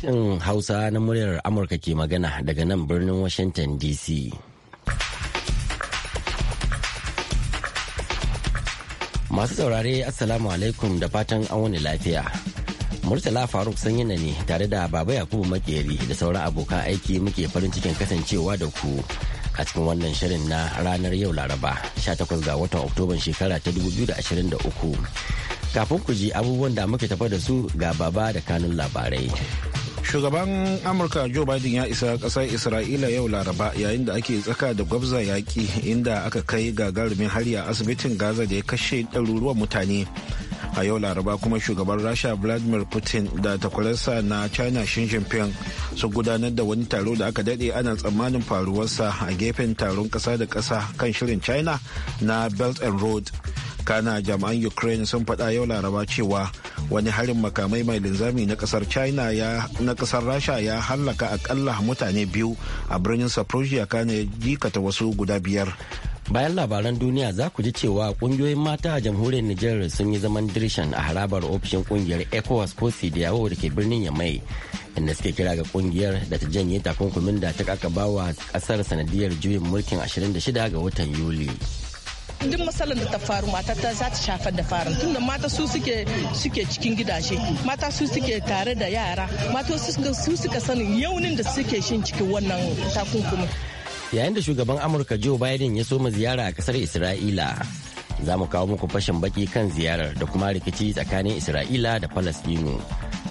Sashen Hausa na muryar Amurka ke magana daga nan birnin Washington DC. Masu saurare Assalamu alaikum da fatan an wani lafiya. Murtala Faruk Sanyina ne tare da Baba Yakubu Makeri da sauran abokan aiki muke farin cikin kasancewa da ku a cikin wannan shirin na ranar yau Laraba 18 ga watan Oktoban shekara ta 2023. kafin ku ji abubuwan da muke tafa da su ga baba da kanun labarai. shugaban amurka joe biden ya isa kasar isra'ila yau laraba yayin da ake tsaka da gwabza yaƙi inda aka kai gagarumin hari a asibitin gaza da ya kashe ɗaruruwan mutane a yau laraba kuma shugaban rasha vladimir putin da takwararsa na china xi jinping sun gudanar da wani taro da aka daɗe ana tsammanin faruwarsa a gefen taron ƙasa da ƙasa kan shirin china na belt and road kana jami'an ukraine sun faɗa yau laraba cewa wani harin makamai mai linzami na kasar china ya na kasar rasha ya hallaka akalla mutane biyu a birnin saprosia kana ya jikata wasu guda biyar bayan labaran duniya za ku ji cewa kungiyoyin mata a jamhuriyar nijar sun yi zaman dirishan a harabar ofishin kungiyar ecowas ko sidiyawo da ke birnin yamai inda suke kira ga kungiyar da ta janye takunkumin da ta bawa kasar sanadiyar juyin mulkin 26 ga watan yuli duk matsalar da ta faru mata ta za ta shafar da farin tunda mata su suke suke cikin gidaje mata su suke tare da yara mata su suka sanin yaunin da suke shin cikin wannan takunkumi. yayin da shugaban amurka joe biden ya soma ziyara a kasar isra'ila za mu kawo muku fashin baki kan ziyarar da kuma rikici tsakanin isra'ila da falastinu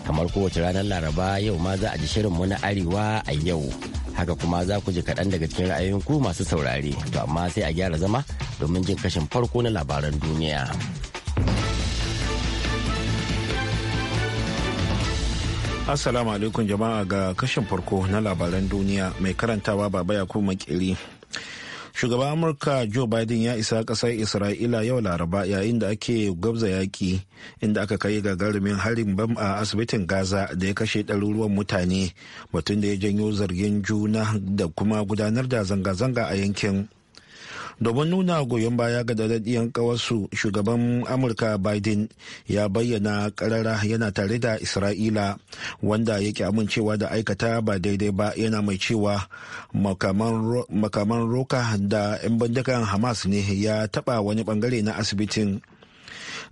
kamar kowace ranar laraba yau ma za a ji shirinmu na arewa a yau haka kuma za ku ji kaɗan daga cikin ra'ayoyin ku masu saurare to amma sai a gyara zama domin jin kashin farko na labaran duniya assalamu alaikum jama'a ga kashin farko na labaran duniya mai karantawa baba yakubu maƙiri. shugaban amurka joe biden ya isa kasar isra'ila yau laraba yayin da ake gwabza yaƙi inda aka kai gagarumin harin bam a asibitin gaza da ya kashe ɗaruruwan mutane batun da ya janyo zargin juna da kuma gudanar da zanga-zanga a yankin domin nuna goyon baya ga daɗaɗɗiyar kawarsu shugaban amurka biden ya bayyana karara yana tare da isra'ila wanda yake amincewa da aikata ba daidai ba yana mai cewa makaman roka da 'yan bindigan hamas ne ya taɓa wani bangare na asibitin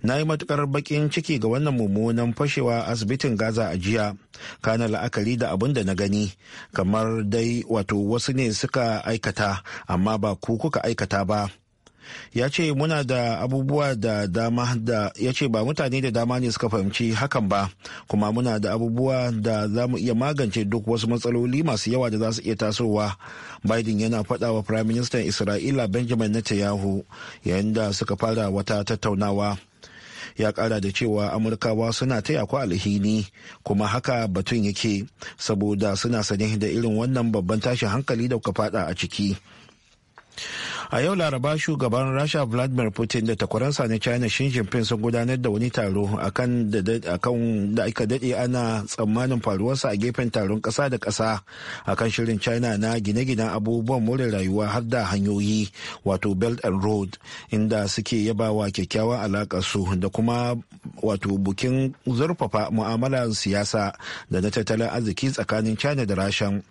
na yi matukar bakin ciki ga wannan mummunan fashewa asibitin gaza a jiya kana la'akari da abin da na gani kamar dai wato wasu ne suka aikata amma ba ku kuka aikata ba ya ce muna da abubuwa da dama da ya ce ba mutane da dama ne suka fahimci hakan ba kuma muna da abubuwa da za mu iya magance duk wasu matsaloli masu yawa da za su iya tasowa biden yana faɗa wa prime minister isra'ila benjamin netanyahu yayin da suka fara wata tattaunawa ya kara da cewa amurkawa suna taya ku alhini kuma haka batun yake saboda suna sane da irin wannan babban tashin hankali da kuka fada a ciki a yau laraba shugaban rasha vladimir putin da takwaransa na china shi jinping sun gudanar da wani taro akan da aka dade ana tsammanin faruwarsa a gefen taron kasa da kasa akan shirin china na gine-ginen abubuwan more rayuwa har da hanyoyi wato belt and road inda suke yabawa kyakkyawan alaƙa su da kuma wato bukin zurfafa mu'amalar siyasa da na tattalin arziki tsakanin china da rasha.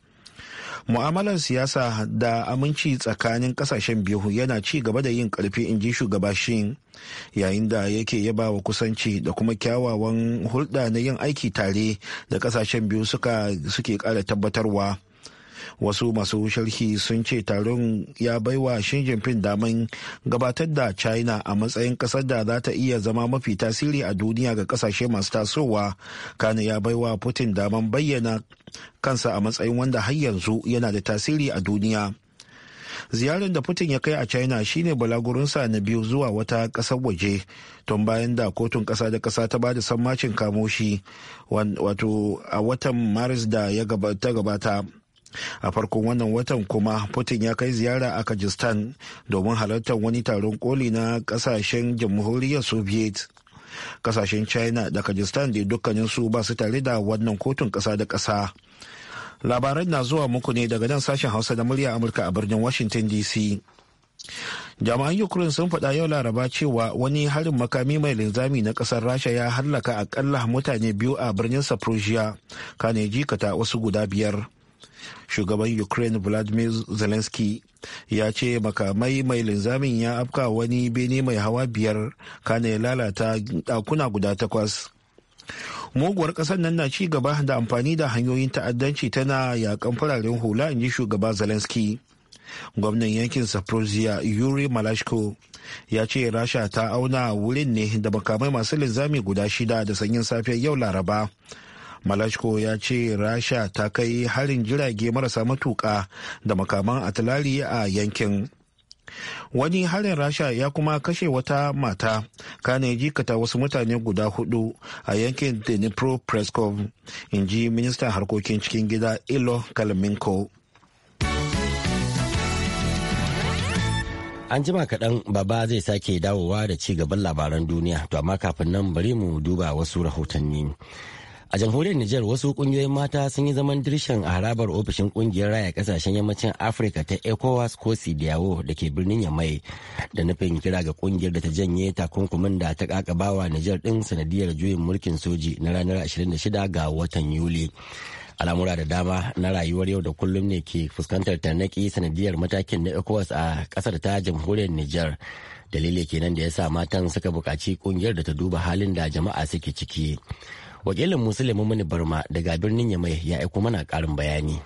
mu'amalar siyasa da aminci tsakanin kasashen biyu yana ci gaba da yin karfi in ji shugaba shi yayin da yake yaba wa kusanci da kuma kyawawan hulɗa na yin aiki tare da kasashen biyu suke ƙara tabbatarwa wasu masu sharhi sun ce taron ya baiwa Xi Jinping daman gabatar da China a matsayin kasar da za ta iya zama mafi tasiri a duniya ga kasashe masu tasowa. Kana ya baiwa Putin daman bayyana kansa a matsayin wanda har yanzu yana da tasiri a duniya. ziyarar da putin ya kai a china shine balagurinsa na biyu zuwa wata kasar waje tun bayan da kotun kasa da kasa ta bada sammacin kamoshi wato a watan maris da ya ta gabata a farkon wannan watan kuma putin ya kai ziyara a kajistan domin halartar wani taron koli na kasashen jamhuriyar soviet kasashen china da kajistan da dukkaninsu ba su tare da wannan kotun kasa da kasa labaran na zuwa muku ne daga nan sashen hausa da murya amurka a birnin washington dc jama'an ukraine sun faɗa yau laraba cewa wani harin makami mai linzami na ƙasar rasha ya hallaka akalla mutane biyu a birnin saprosia kane jikata wasu guda biyar shugaban ukraine vladimir zelensky ya ce makamai mai linzamin ya afka wani bene mai hawa biyar kana ya lalata dakuna guda takwas muguwar ƙasar nan na ci gaba da amfani da hanyoyin ta'addanci tana yakan fararen hula in ji shugaba zelensky gwamnan yankin saprosia yuri malashko ya ce rasha ta auna wurin ne da makamai masu linzami guda shida da sanyin safiyar yau laraba malashko ya ce rasha ta kai harin jirage marasa matuka da makaman atilari a yankin wani harin rasha ya kuma kashe wata mata kane jikata wasu mutane guda hudu a yankin dnipro preskov in ji ministan harkokin cikin gida ilo kalminko an jima kaɗan baba zai sake dawowa da ci gaban labaran duniya to amma kafin nan bari mu duba wasu rahotanni a jamhuriyar Nijar wasu kungiyoyin mata sun yi zaman dirshan a harabar ofishin kungiyar raya kasashen yammacin Afirka ta ECOWAS ko CDAO da ke birnin Yamai da nufin kira ga kungiyar da ta janye takunkumin da ta kakabawa Nijar din sanadiyar juyin mulkin soji na ranar 26 ga watan Yuli. al'amura da dama na rayuwar yau da kullum ne ke fuskantar tarnaki sanadiyar matakin na ecowas a kasar ta jamhuriyar nijar dalili kenan da ya sa matan suka buƙaci kungiyar da ta duba halin da jama'a suke ciki wakilin musulmi mani barma daga birnin yamai ya aiko mana karin bayani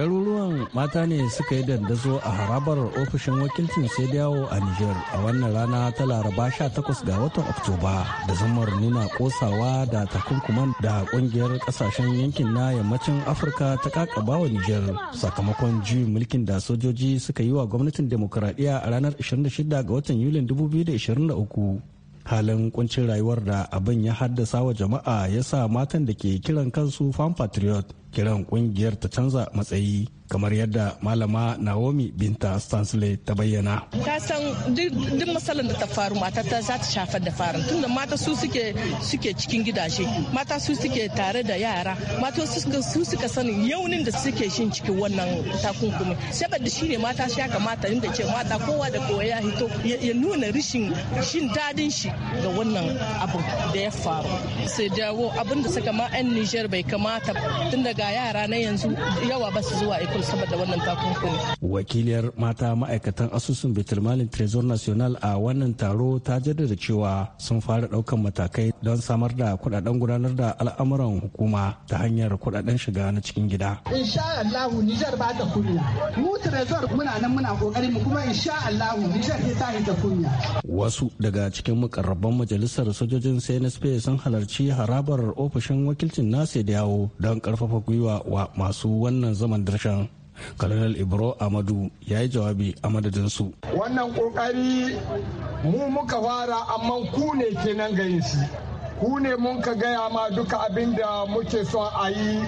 ɗaruruwan mata ne suka yi dandazo a harabar ofishin wakilcin sai yawo a Nijar a wannan rana ta laraba 18 ga watan Oktoba da zamar nuna kosawa da takunkuman da kungiyar kasashen yankin na yammacin Afirka ta kakaba wa Nijar sakamakon juyin mulkin da sojoji suka yi wa gwamnatin demokuraɗiyya a ranar 26 ga watan Yulin 2023 halin kuncin rayuwar da abin ya haddasa wa jama'a ya sa matan da ke kiran kansu fan patriot kiran kungiyar ta canza matsayi kamar yadda malama naomi binta stansley ta bayyana ka san duk matsalar da ta faru mata ta za ta shafar da farin tunda mata su suke cikin gidaje mata su suke tare da yara mata su suka sanin yaunin da suke shin cikin wannan takunkumi saboda shine mata shi mata inda ce mata kowa da kowa ya hito ya nuna rishin shin dadin shi ga wannan abu da ya faru sai dawo abin da suka ma 'yan nijar bai kamata tun daga ga yara na yanzu yawa ba su zuwa ikul saboda wannan takunkumi. wakiliyar mata ma'aikatan asusun bitulmalin trezor national a wannan taro ta jaddada cewa sun fara daukan matakai don samar da kudaden gudanar da al'amuran hukuma ta hanyar kudaden shiga na cikin gida insha allahu nijar ba ta kunya mu trezor muna nan muna kokari mu kuma insha allahu nijar ta ta kunya wasu daga cikin mukarraban majalisar sojojin cnsp sun halarci harabar ofishin wakilcin nasu da yawo don karfafa gwiwa wa masu wannan zaman darshan kalonel Ibro Amadu ya yi jawabi a madadinsu. Wannan kokari mu muka fara amma ku ne kenan gayin shi. Ku ne mun ka gaya ma duka abinda muke son a yi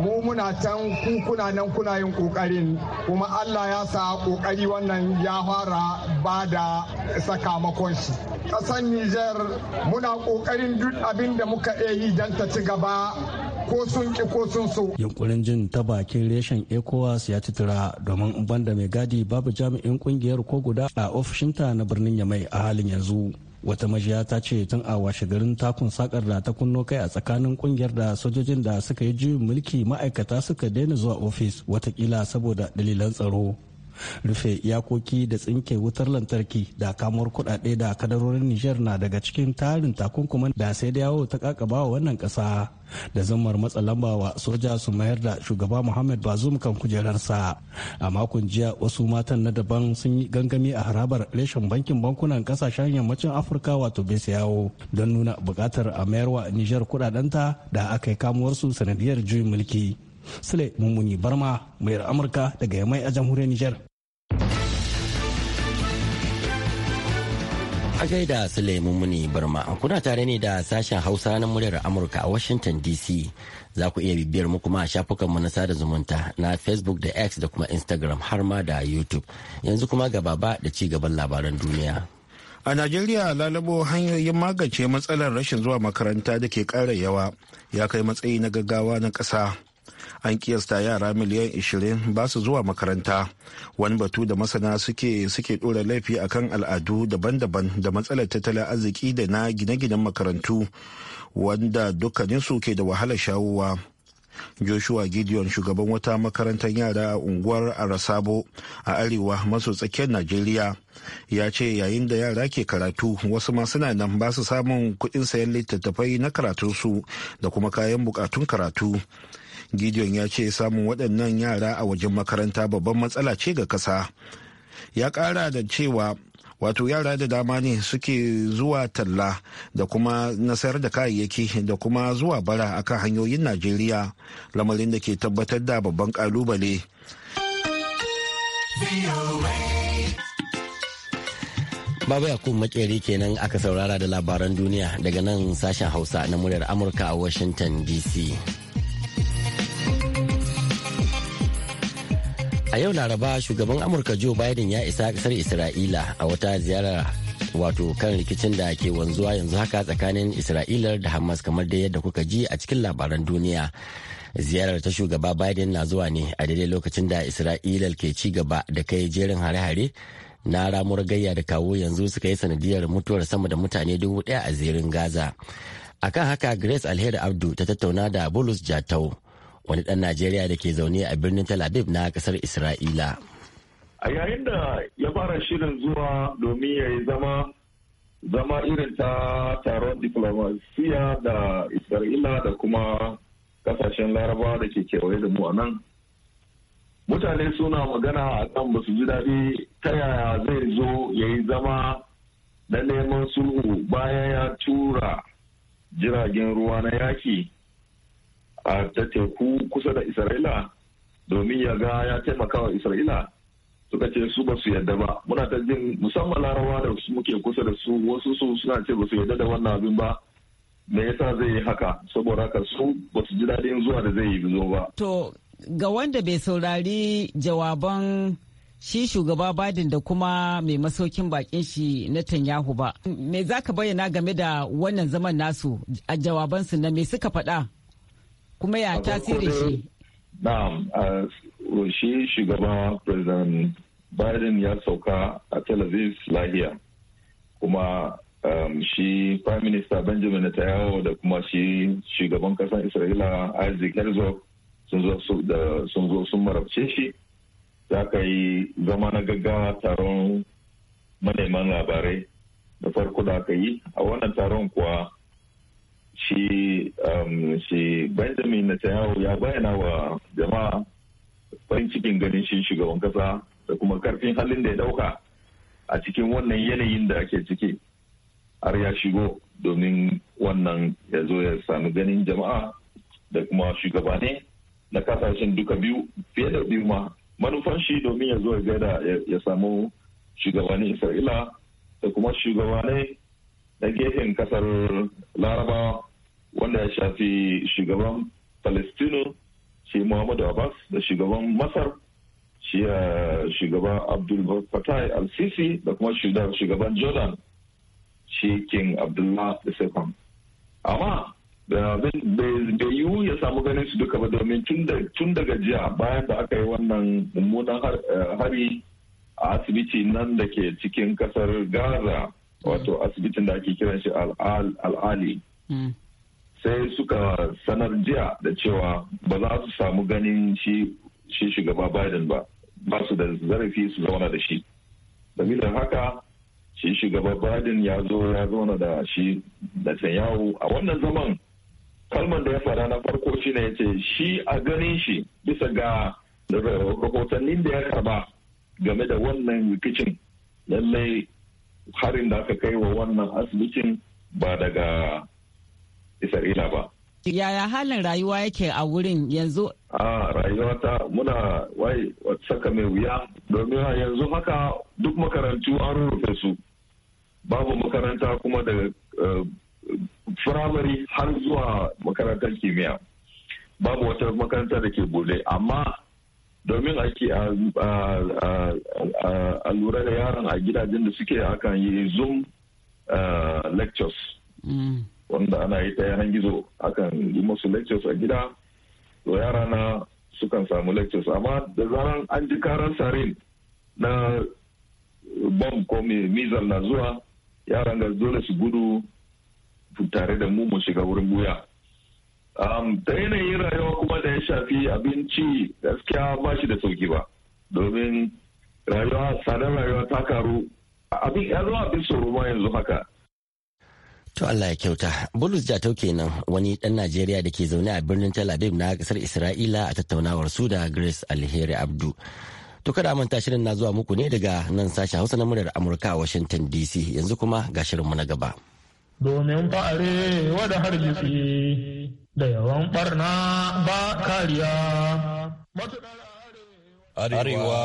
mu muna can kuna nan kuna yin kokarin kuma Allah ya sa kokari wannan ya fara ba da sakamakon shi. Ƙasar Nijar muna kokarin duk abinda muka iya yi don ta ci gaba ko sun ki ko sun so. Yunkurin jin ta bakin reshen ECOWAS ya titira domin banda mai gadi babu jami'in kungiyar ko guda a ofishinta na birnin Yamai a halin yanzu. wata majiya ta ce tun a washe garin takun sakar da ta kunno kai a tsakanin kungiyar da sojojin da suka yi juyin mulki ma'aikata suka daina zuwa ofis watakila saboda dalilan tsaro rufe iyakoki da tsinke wutar lantarki da kamuwar kudade da kadarorin niger na daga cikin tarin takunkuman da sai da yawo ta kakaba wannan kasa da zammar matsa lamba wa soja su mayar da shugaba muhammad bazum kan kujerarsa a makon jiya wasu matan na daban sun yi gangami a harabar reshen bankin bankunan kasashen yammacin afirka wato besiyawo don nuna bukatar a mayar wa nijar kudadenta da aka yi kamuwarsu sanadiyar juyin mulki Sule Mummuni Barma, muryar Amurka daga Yamai a jamhuriyar Nijar. A gaida Sule Mummuni Barma, kuna tare ne da sashen Hausa na muryar Amurka a Washington DC. Za ku iya bibiyar mu kuma a shafukanmu na sada zumunta na Facebook da X da kuma Instagram har ma da YouTube. Yanzu kuma ga baba da ci gaban labaran duniya. a najeriya lalabo hanyoyin magance matsalar rashin zuwa makaranta da ke ƙara yawa ya kai matsayi na gaggawa na ƙasa an kiyasta yara miliyan 20 ba su zuwa makaranta wani batu da masana suke suke dora laifi akan al'adu daban-daban da matsalar tattalin arziki da na gine-ginen makarantu wanda dukkaninsu ke da wahalar shawowa joshua gideon shugaban wata makarantar yara a unguwar arasabo a arewa maso tsakiyar najeriya ya ce yayin da yara ke karatu wasu ma suna nan ba su samun kuɗin sayan littattafai na karatunsu da kuma kayan bukatun karatu gideon ya ce samun waɗannan yara a wajen makaranta babban matsala ce ga ƙasa ya ƙara da cewa wato yara da dama ne suke zuwa talla da kuma nasayar da kayayyaki da kuma zuwa bara akan hanyoyin najeriya lamarin da ke tabbatar da babban kalubale Baba Yakub makeri kenan aka saurara da labaran duniya daga nan sashen Hausa na muryar Amurka a Washington DC. a yau laraba shugaban amurka joe biden ya isa kasar isra'ila a wata ziyara wato kan rikicin da ke wanzuwa yanzu haka tsakanin isra'ila da hamas kamar da yadda kuka ji a cikin labaran duniya ziyarar ta shugaba biden na zuwa ne a daidai lokacin da isra'ila ke ci gaba da kai jerin hare-hare na ramuwar gayya da kawo yanzu suka yi sanadiyar mutuwar sama da mutane dubu ɗaya a zirin gaza akan haka grace alheri abdu ta tattauna da bulus jatau wani ɗan Najeriya da ke zaune a birnin Tel Aviv na ƙasar Isra'ila. A yayin da ya fara shirin zuwa domin ya yi zama zama irin ta taron diplomasiya da Isra'ila da kuma kasashen Laraba da ke kewaye da mu a nan. Mutane suna magana a kan basu ji daɗi ta yaya zai zo ya yi zama na neman sulhu bayan ya tura jiragen ruwa na yaki a ta teku kusa da isra'ila domin ya ga ya taimaka wa isra'ila suka ce su ba su yadda ba muna ta jin musamman larawa da su muke kusa da su wasu su suna ce ba su yadda da wannan abin ba me yasa zai yi haka saboda haka su ba su ji daɗin zuwa da zai yi zo ba to ga wanda bai saurari jawaban shi shugaba badin da kuma mai masaukin bakin shi na tanyahu ba. Me zaka bayyana game da wannan zaman nasu a jawabansu na me suka faɗa? kuma ya tasiri shi na'am shi shugaba president biden ya sauka a tel aviv lahiya kuma um, shi prime minister benjamin netanyahu da kuma shi shugaban kasar isra'ila isaac herzog sun zo sun marabce shi za ka yi zama na gaggawa taron manema labarai da farko da aka yi a wannan taron kuwa shi um, shi benjamin netanyahu ya bayyana wa jama'a farin cikin ganin shi shugaban kasa da kuma karfin halin da ya dauka a cikin wannan yanayin da ake ciki har ya shigo domin wannan ya zo ya sami ganin jama'a da kuma shugabane na kasashen duka biyu fiye da biyu ma manufan shi domin ya zo ya gaida ya samu shugabanin isra'ila da kuma shugabane na gefen kasar laraba wanda ya shafi shugaban palestino shi muhammadu abbas da shugaban masar shi eh, shugaba abdul fatai al-sisi da kuma shugaban jordan shi king abdullah II. amma da bai yiwu ya samu ganin su duka ba domin tun daga jiya bayan da aka yi wannan mummunan eh, hari a asibiti nan da ke cikin kasar gaza wato asibitin da ake kiran shi al'ali hmm. sai suka sanar jiya da cewa ba za su samu ganin shi shugaba biden ba ba su da zarafi su zauna da shi da haka shi shugaba biden ya zo ya zauna da shi da yawo a wannan zaman kalmar da ya fara na farko shi ne ya ce shi a ganin shi bisa ga rahotannin da ya karba game da wannan rikicin lallai harin da aka kai wa wannan asibitin ba daga isra'ila ba yaya halin rayuwa yake a wurin yanzu a rayuwa ta muna wai saka mai wuya domin yanzu haka duk makarantu an rufe su babu makaranta kuma da eh, firamare har zuwa makarantar kimiyya babu wata makaranta da ke bude amma domin ake a lura da yaran a gidajen da suke akan yi zoom lectures mm. wanda ana yi ta yanar gizo akan yi musu lectures a gida to yara na sukan samu lectures amma da zaran an ji karan sarin na bomb ko mizal na zuwa yaran ga dole su gudu tare da mu mu shiga wurin buya ta yanayin rayuwa kuma da ya shafi abinci gaskiya ba shi da sauki ba domin rayuwa tsadar rayuwa ta karu abin ya zama abin tsoro ma yanzu haka To Allah ya kyauta. Bulus Jatau kenan wani ɗan Najeriya da ke zaune a birnin Tel Aviv na ƙasar Isra'ila a tattaunawar su da Grace Alheri Abdu. To kada manta shirin na zuwa muku ne daga nan sashen Hausa na muryar Amurka a Washington DC yanzu kuma ga shirinmu na gaba. Domin fa'are wada da yawan barna ba kariya. Arewa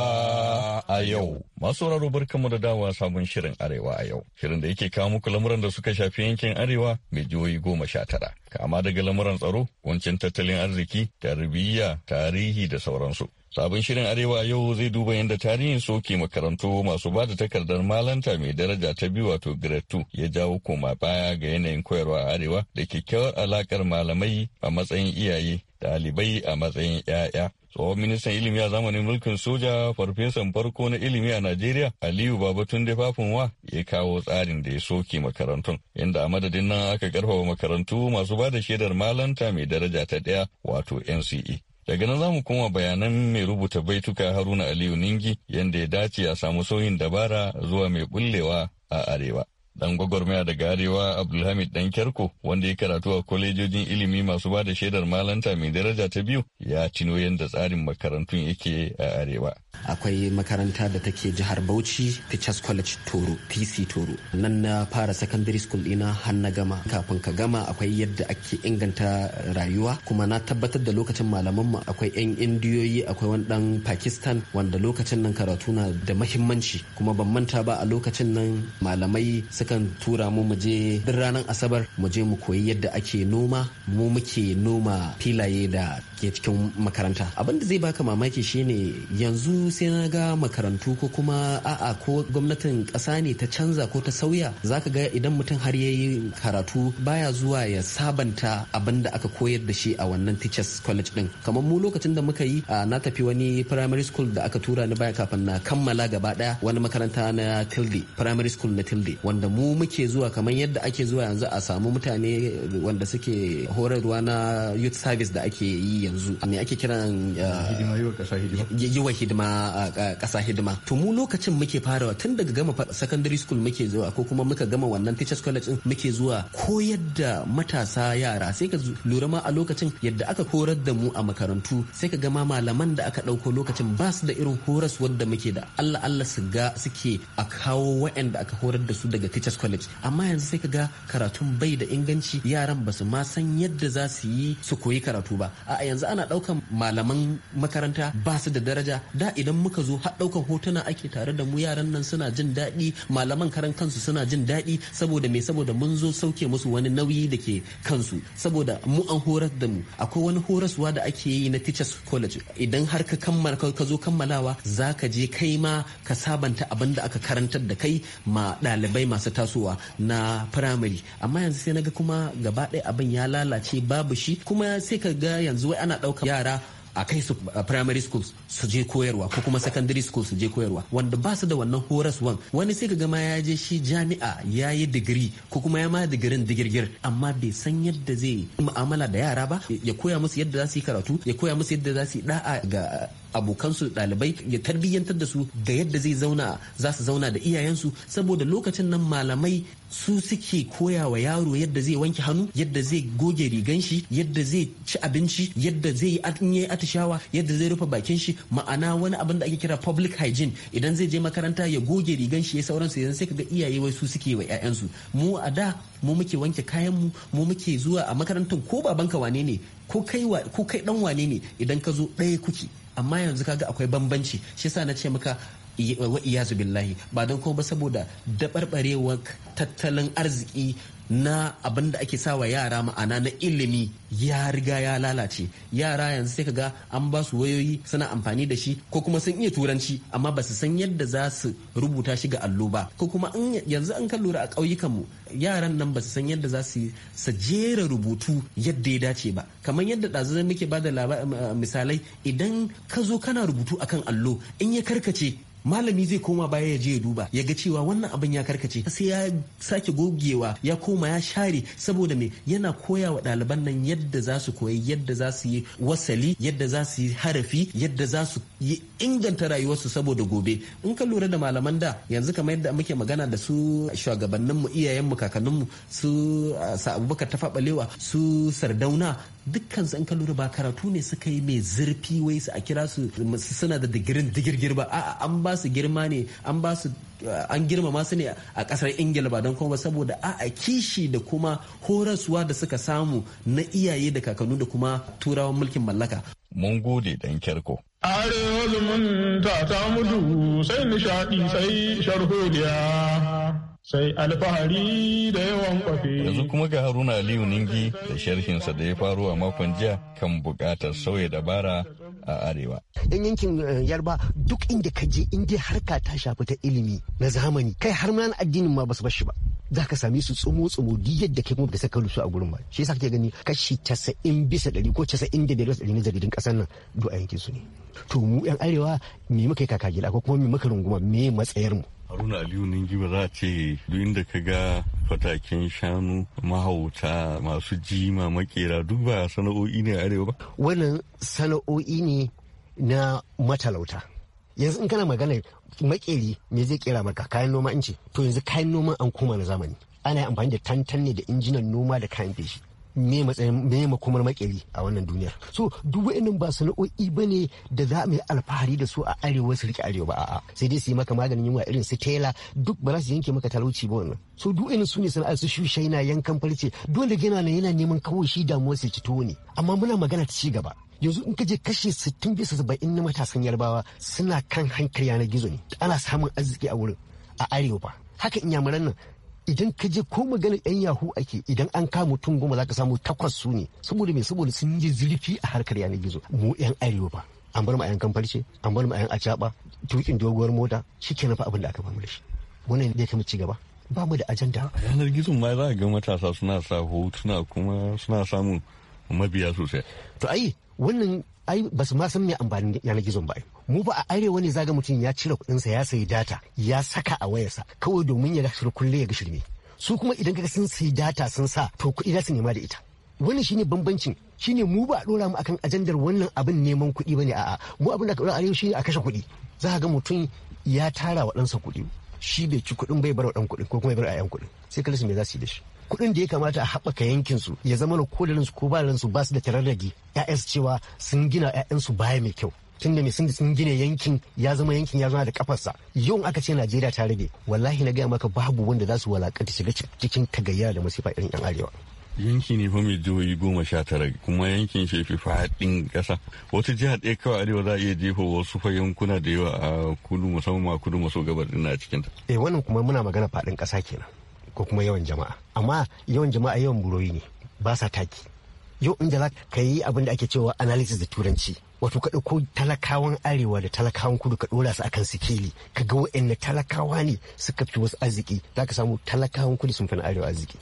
a yau. Masu sauraro barkanmu da dawa sabon shirin Arewa a yau. Shirin da yake kawo muku lamuran da suka shafi yankin Arewa mai jihohi goma sha tara. Kama daga lamuran tsaro, wancan tattalin arziki, tarbiyya, tarihi da sauransu. Sabon shirin Arewa yau zai duba yadda tarihin soke makarantu masu ba da takardar malanta mai daraja ta biyu wato grade 2 ya jawo koma baya ga yanayin koyarwa a Arewa da kyakkyawar alakar malamai a matsayin iyaye, ɗalibai a matsayin 'ya'ya. Tsohon ministan ilimi a zamanin mulkin soja farfesan farko na ilimi a Najeriya Aliyu Babatunde wa ya kawo tsarin da ya soke makarantun. Inda a madadin nan aka karfafa makarantu masu ba da shaidar malanta mai daraja ta ɗaya wato NCE. Daga nan za mu koma bayanan mai rubuta baituka Haruna Aliyu Ningi yadda ya dace a samu sauyin dabara zuwa mai bullewa a arewa. dan gwagwarmaya daga arewa abdulhamid dan kyarko wanda ya karatu a kwalejojin ilimi masu ba da shaidar malanta mai daraja ta biyu ya cino yadda tsarin makarantun yake a arewa akwai makaranta da take jihar bauchi teachers college toro tc toro nan na fara secondary school dina har na gama kafin ka gama akwai yadda ake inganta rayuwa kuma na tabbatar da lokacin malaman mu akwai yan indiyoyi akwai wani dan pakistan wanda lokacin nan karatu na da mahimmanci kuma ban manta ba a lokacin nan malamai suka sukan tura mu mu je duk ranar asabar mu je mu koyi yadda ake noma mu muke noma filaye da ke cikin makaranta abin da zai baka mamaki shine yanzu sai na ga makarantu ko kuma a'a ko gwamnatin ƙasa ne ta canza ko ta sauya zaka ga idan mutum har ya yi karatu baya zuwa ya sabanta abin da aka koyar da shi a wannan teachers college din kamar mu lokacin da muka yi na tafi wani primary school da aka tura ni baya kafin na kammala gaba daya wani makaranta na tilde primary school na tilde wanda mu muke zuwa kamar yadda ake zuwa yanzu a samu mutane wanda suke horarwa na youth service da ake yi yanzu me ake kiran eh, yi hidima kasa hidima to mu lokacin muke farawa tun daga gama secondary school muke zuwa ko kuma muka gama wannan teachers college din muke zuwa koyar da matasa yara sai ka lura ma a lokacin yadda aka horar da mu a makarantu sai ka gama malaman da aka ɗauko lokacin ba su da irin horas da muke da Allah Allah su ga suke a kawo waɗanda aka horar da su daga teachers college amma yanzu sai ka ga karatun bai da inganci yaran ba su ma san yadda za su yi su koyi karatu ba a yanzu ana daukan malaman makaranta ba su da daraja da idan muka zo har daukan hotuna ake tare da mu yaran nan suna jin daɗi malaman karan kansu suna jin daɗi saboda me saboda mun zo sauke musu wani nauyi da ke kansu saboda mu an horar da mu akwai wani horaswa da ake yi na teachers college idan har ka kammala ka zo kammalawa za ka je kai ma ka sabanta abin da aka karantar da kai ma ɗalibai masu ta tasowa na firamare amma yanzu sai naga kuma gaba ɗaya abin ya lalace babu shi kuma sai ka ga yanzu wai ana ɗaukar yara a kai su primary schools su je koyarwa ko kuma secondary schools su je koyarwa wanda ba su da wannan horas wan wani sai kaga ma ya je shi jami'a ya yi digiri ko kuma ya ma digirin digirgir amma bai san yadda zai mu'amala da yara ba ya koya musu yadda za su yi karatu ya koya musu yadda za su yi da'a ga abokansu da ɗalibai ya tarbiyyantar da su da yadda zai zauna za su zauna da iyayensu saboda lokacin nan malamai su suke koya wa yaro yadda zai wanke hannu yadda zai goge rigan shi yadda zai ci abinci yadda zai yi atishawa yadda zai rufe bakin shi ma'ana wani abin da ake kira public hygiene idan zai je makaranta ya goge rigan shi ya sauransu idan sai kaga iyaye wai su suke wa 'ya'yansu mu a da mu muke wanke kayan mu mu muke zuwa a makarantar ko babanka wane ne ko kai dan wane ne idan ka zo ɗaya kuke amma yanzu kaga akwai bambanci shi yasa na ce maka wa iyazu billahi ba don kuma ba saboda daɓarɓarewar tattalin arziki na abin da ake sawa yara ma'ana na ilimi ya riga ya lalace yara yanzu sai kaga an ba su wayoyi suna amfani da shi ko kuma sun iya turanci amma ba su san yadda za su rubuta shi ga allo ba ko kuma yanzu an kan lura a ƙauyukanmu yaran nan ba su san yadda za su sa jera rubutu yadda ya dace ba kamar yadda ɗazu muke ba da misalai idan ka zo kana rubutu akan allo in ya karkace malami zai koma baya ya je ya duba ya ga cewa wannan abin ya karkace sai ya sake gogewa ya koma ya share saboda me yana koya wa ɗaliban nan yadda za su koyi yadda za su yi wasali yadda za su yi harafi yadda za su yi inganta rayuwarsu saboda gobe in ka lura da malaman da yanzu kamar yadda muke magana da su shugabanninmu iyayenmu kakanninmu su sa abubakar tafaɓalewa su sardauna dukkan su in ka lura ba karatu ne suka yi mai zurfi wai su a kira su suna da digirin digirgir ba a'a an ba ba su girma ne an ba su eh, an girmama su ne a kasar ingila ba don kuma saboda a kishi da kuma horaswa da suka samu na iyaye da kakannu da kuma turawan mulkin mallaka mun gode dan kyarko are zumunta ta mudu sai nishadi sai sharholiya sai alfahari da yawan kwafe yanzu kuma ga haruna aliyu ningi da sharhinsa da ya faru a makon jiya kan bukatar sauya dabara a arewa. Yan yankin eh, yarba duk inda ka je inda harka ta shafi ta ilimi na zamani kai har ma addinin ma basu bashi ba. Za ka same su tsumo tsumo duk yadda kai da saka su a gurin ba. Shi yasa kake gani kashi casa'in bisa ɗari ko casa'in da biyar ɗari na jaridun ƙasar nan duk a yankin su ne. To mu yan arewa me muka yi kaka gida ko kuma me muka runguma me matsayar mu. haruna aliyu ningi ba za ce duk inda ka ga fataken shanu mahauta masu jima makera duk ba sana'o'i ne a arewa ba wannan sana'o'i ne na matalauta yanzu in kana magana makeri me zai kera maka kayan noma in ce to yanzu kayan noma an koma na zamani ana amfani da tantan ne da injinan noma da kayan feshi me matsayin me makomar makeri a wannan duniyar so duk wa'annan ba sana'o'i ne da za mu yi alfahari da su a arewa su rike arewa ba a'a sai dai su yi maka maganin yunwa irin su tela duk ba za su yanke maka talauci ba wannan so duk wa'annan su ne sana'ar su shushai na yankan farce dole gina na yana neman kawai shi damuwar su ci ne amma muna magana ta ci gaba yanzu in ka je kashi 60 bisa 70 na matasan yarbawa suna kan hankali yanar gizo ne ana samun arziki a wurin a arewa haka inyamuran nan idan ka je ko magana yan yahu ake idan an kama mutum goma za ka samu takwas su ne saboda mai saboda sun yi zurfi a harkar yanar gizo mu yan arewa ba an bar mu ayan kamfarce an bar mu ayan acaba tukin doguwar mota shi kenan fa abin da aka bamu da shi wannan ne kama ci gaba ba mu da ajanda yanar gizo ma za ga matasa suna sa hotuna kuma suna samun mabiya sosai to ai wannan ai ba su ma san me amfani yanar gizon ba mu ba a arewa ne zaga mutum ya cire kuɗinsa ya sayi data ya saka a wayarsa kawai domin ya ga kulle ya ga shirme su kuma idan kaga sun sayi data sun sa to kuɗi za su nema da ita wannan shine bambancin shine mu ba a dora mu akan ajandar wannan abin neman kuɗi bane a'a mu abin da ka dora arewa shine a kashe kuɗi za ga mutum ya tara wa ɗansa kuɗi shi bai ci kuɗin bai bar wa ɗan kuɗin ko kuma bai bar a yan kuɗin sai kalisa me za su yi da shi kuɗin da ya kamata a haɓaka yankin su ya zama na ko da su ko ba su ba su da tararragi su cewa sun gina ya'yansu baya mai kyau tun da sun sun gina yankin ya zama yankin ya zama da kafarsa yau aka ce najeriya ta rage wallahi na gaya maka babu wanda za su walakanta shiga cikin tagayya da masifa irin yan arewa yanki ne fa mai jihohi goma sha tara kuma yankin shi fi faɗin ƙasa wata jiha ɗaya kawai arewa za a iya jefa wasu fa yankuna da yawa a kudu musamman ma kudu maso gabar na cikinta eh wannan kuma muna magana faɗin ƙasa kenan ko kuma yawan jama'a amma yawan jama'a yawan buroyi ne ba sa taki yau inda za ka yi abin da ake cewa analysis da turanci wato ka ɗauko talakawan arewa da talakawan kudu ka ɗora su akan sikeli ka ga wa'anne talakawa ne suka fi wasu arziki za ka samu talakawan kudu sun fi na arewa arziki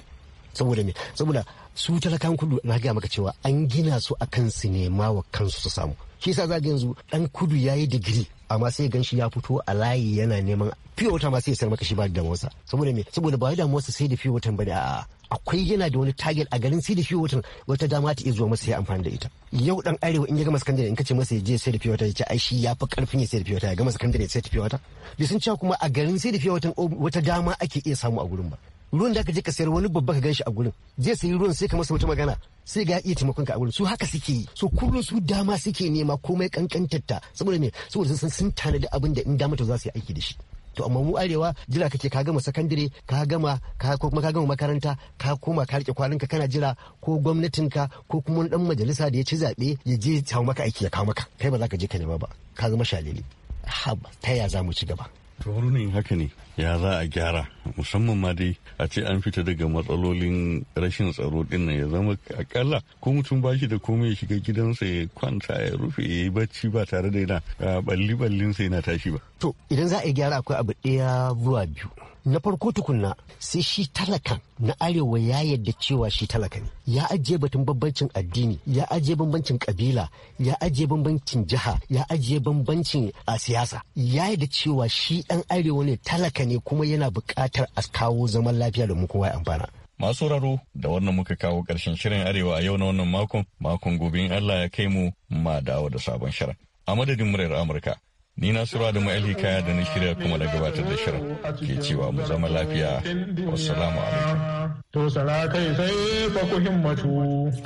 saboda me saboda su talakawan kudu na gaya maka cewa an gina su akan su nema wa kansu su samu shi yasa zaka yanzu ɗan kudu ya yi digiri amma sai gan shi ya fito a layi yana neman fiye wata ma sai ya maka shi ba da damuwarsa saboda me saboda ba damuwarsa sai da fiye wata ba da akwai yana da wani target a garin sai da fiye wata wata dama ta iya zuwa masa ya amfani da ita yau dan arewa in ya gama sakandare in kace masa ya je sai da fiye wata ya ce ai shi ya fi karfin ya sai da fiye wata ya gama sakandare sai da fiye wata bai san cewa kuma a garin sai da fiye wata wata dama ake iya samu a gurin ba ruwan da aka je ka sayar wani babba ka ganshi a gurin zai sayi ruwan sai ka masa wata magana sai ga iya taimakon ka a gurin su haka suke yi so kullum su dama suke nema komai kankantatta saboda me saboda sun sun tanadi abin da in dama to za su yi aiki da shi to amma mu arewa jira kake ka gama sakandire ka gama ka kuma ka gama makaranta ka koma ka rike kwalinka kana jira ko gwamnatin ka ko kuma dan majalisa da ya ci zabe ya je ya maka aiki ya kawo maka kai ba za ka je ka nema ba ka zama shalele haba ta ya za mu ci gaba to haka ne ya za a gyara musamman ma dai a ce an fita daga matsalolin rashin tsaro din ya zama akalla ko mutum bashi da komai ya shiga gidansa ya kwanta ya rufe ya yi bacci ba tare da yana balli ballin sa yana tashi ba to idan za a gyara akwai abu ɗaya zuwa biyu na farko tukunna sai shi talakan na arewa ya yadda cewa shi talakan ya ajiye batun bambancin addini ya ajiye bambancin kabila ya ajiye bambancin jiha ya ajiye bambancin a siyasa ya yadda cewa shi dan arewa ne talaka ne kuma yana buƙatar a kawo zaman lafiya domin kowa ya amfana. Masu raro da wannan muka kawo ƙarshen shirin Arewa a yau na wannan makon, makon gobe in Allah ya kai mu ma dawo da sabon shirin. A madadin murar Amurka, ni na sura da ma'aiki kaya da na shirya kuma na gabatar da shirin ke cewa mu zama lafiya. Wassalamu alaikum. To sara kai sai fa ku himmatu.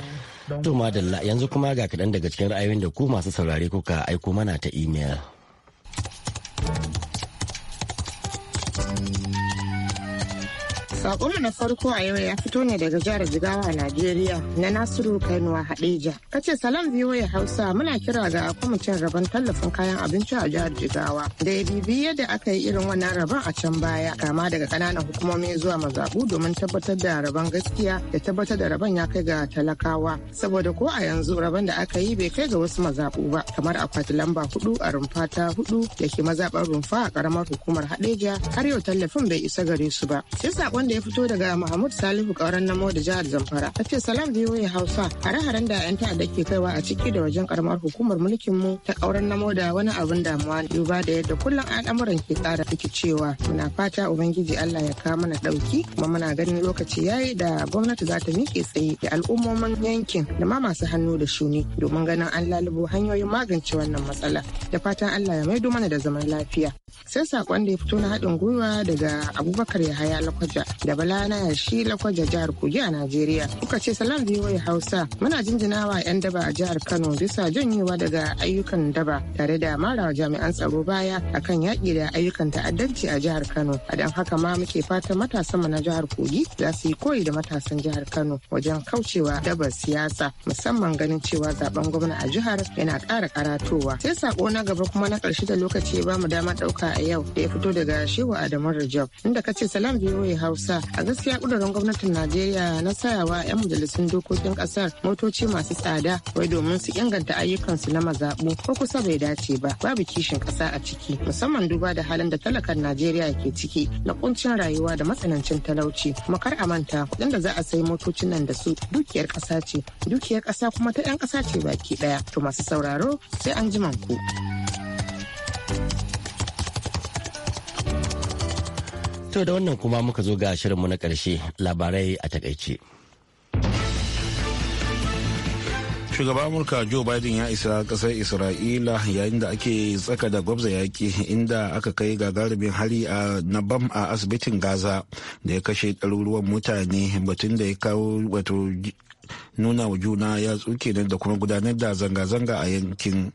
To madalla yanzu kuma ga kaɗan daga cikin ra'ayoyin da ku masu saurare kuka aiko mana ta imel. Sakonmu na farko a yau ya fito ne daga jihar Jigawa a Najeriya na Nasiru Kainuwa Hadeja. Kace salam ya Hausa muna kira ga kwamitin rabon tallafin kayan abinci a jihar Jigawa. Da ya bibi yadda aka yi irin wannan rabon a can baya kama daga ƙananan hukumomi zuwa mazaɓu domin tabbatar da rabon gaskiya da tabbatar da rabon ya kai ga talakawa. Saboda ko a yanzu rabon da aka yi bai kai ga wasu mazabu ba kamar akwati lamba hudu a rumfa ta hudu da ke mazaɓar rumfa a ƙaramar hukumar Hadeja har yau tallafin bai isa gare su ba. Sai saƙon da da ya fito daga Mahmud Salihu ƙauren Namo da jihar Zamfara. Ta ce salam ya Hausa hare-haren da 'yan ta'adda ke kaiwa a ciki da wajen karamar hukumar mulkin mu ta ƙauren Namo da wani abun damuwa duba da yadda kullum al'amuran ke tsara cewa Muna fata Ubangiji Allah ya kawo mana ɗauki kuma muna ganin lokaci yayi da gwamnati za ta miƙe tsaye da al'ummomin yankin da ma masu hannu da shuni domin ganin an lalubo hanyoyin magance wannan matsala. Da fatan Allah ya maido mana da zaman lafiya. Sai saƙon da ya fito na haɗin gwiwa daga Abubakar Yahaya Lakwaja da Bala na yashi lakwaja jihar Kogi a Najeriya. Kuka ce salam biyu Hausa muna jinjinawa 'yan daba a jihar Kano bisa janyewa daga ayyukan daba tare da marawa jami'an tsaro baya akan yaƙi da ayyukan ta'addanci a jihar Kano. A don haka ma muke fatan matasan mu na jihar Kogi za su yi koyi da matasan jihar Kano wajen kaucewa daba siyasa musamman ganin cewa zaben gwamna a jihar yana ƙara karatowa. Sai sako na gaba kuma na ƙarshe da lokaci ba mu dama ɗauka a yau da ya fito daga Shehu Adamu Rajab inda ka ce salam biyu Hausa ƙasa a gaskiya ƙudurin gwamnatin najeriya na sayawa 'yan majalisun dokokin ƙasar motoci masu tsada wai domin su inganta ayyukansu na mazaɓu ko kusa bai dace ba babu kishin ƙasa a ciki musamman duba da halin da talakan najeriya ke ciki na kuncin rayuwa da matsanancin talauci kuma kar a manta kuɗin da za a sayi motocin nan da su dukiyar ƙasa ce dukiyar ƙasa kuma ta 'yan ƙasa ce baki ɗaya to masu sauraro sai an ji ku. To da wannan kuma muka zo ga shirinmu na ƙarshe labarai a takaice. shugaban amurka joe biden ya isa kasar isra'ila yayin da ake tsaka da gwabza yaƙi inda aka kai gagarumin hari a nabam a asibitin gaza da ya kashe ɗaruruwan mutane batun da ya kawo wato nuna wa juna ya tsuke ne da kuma gudanar da zanga-zanga a yankin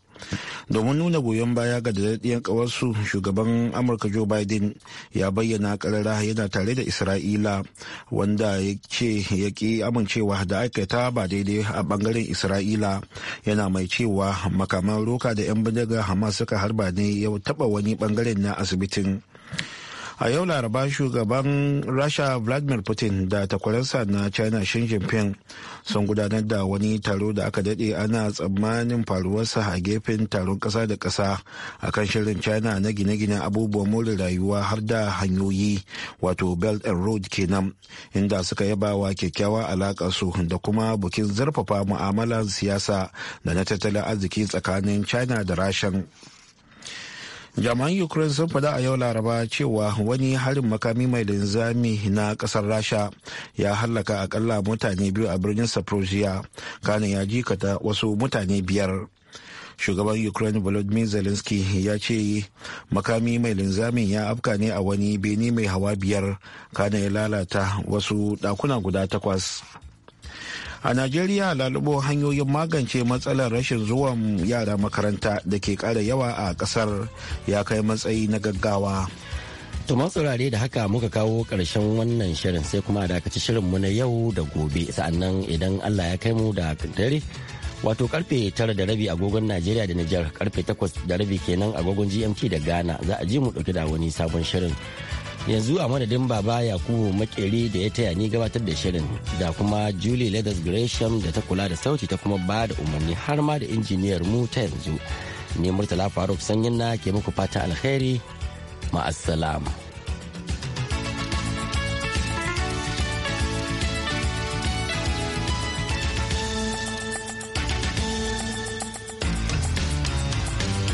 domin nuna goyon baya ga daɗaɗɗiyar ƙawarsu shugaban amurka joe biden ya bayyana ƙarara yana tare da isra'ila wanda ya ce ya ƙi amincewa da aikata ba daidai a ɓangaren isra'ila yana mai cewa makaman roka da 'yan bindiga hamas suka harba ne ya taɓa wani ɓangaren na asibitin a yau laraba shugaban rasha vladimir putin da takwaransa na china shin jinping sun gudanar da wani taro da aka dade ana tsammanin faruwarsa a gefen taron kasa da kasa akan shirin china na gine gine abubuwan more rayuwa har da hanyoyi wato belt and road kenan inda suka yaba wa kyakkyawa alaka su da kuma bukin zarfafa mu'amalar siyasa da na tattalin arziki tsakanin china da rashan jami'an ukraine sun faɗa a yau laraba cewa wani harin makami mai linzami na ƙasar rasha ya hallaka akalla mutane biyu a birnin saprosia kana ya jikata wasu mutane biyar shugaban ukraine volodymyr zelensky ya ce makami mai linzamin ya afka ne a wani bene mai hawa biyar kana ya lalata wasu ɗakuna guda takwas a najeriya lalubo hanyoyin magance matsalar rashin zuwan yara makaranta da ke kara yawa a kasar ya kai matsayi na gaggawa Tuman saurare da haka muka kawo karshen wannan shirin sai kuma dakaci shirinmu na yau da gobe sa'annan idan Allah ya kai mu da dare wato karfe tara da rabi agogon Najeriya da Nijar karfe 8 da rabi kenan agogon GMT da Ghana za a ji mu ɗauki da wani sabon shirin. yanzu a madadin baba yakubu makeri da ya taya ni gabatar da shirin da kuma julie leathers gresham da ta kula da sauti ta kuma ba da umarni har ma da injiniyar mu ta yanzu ne murtala faruk sanyin na ke muku fata alheri ma'assalam.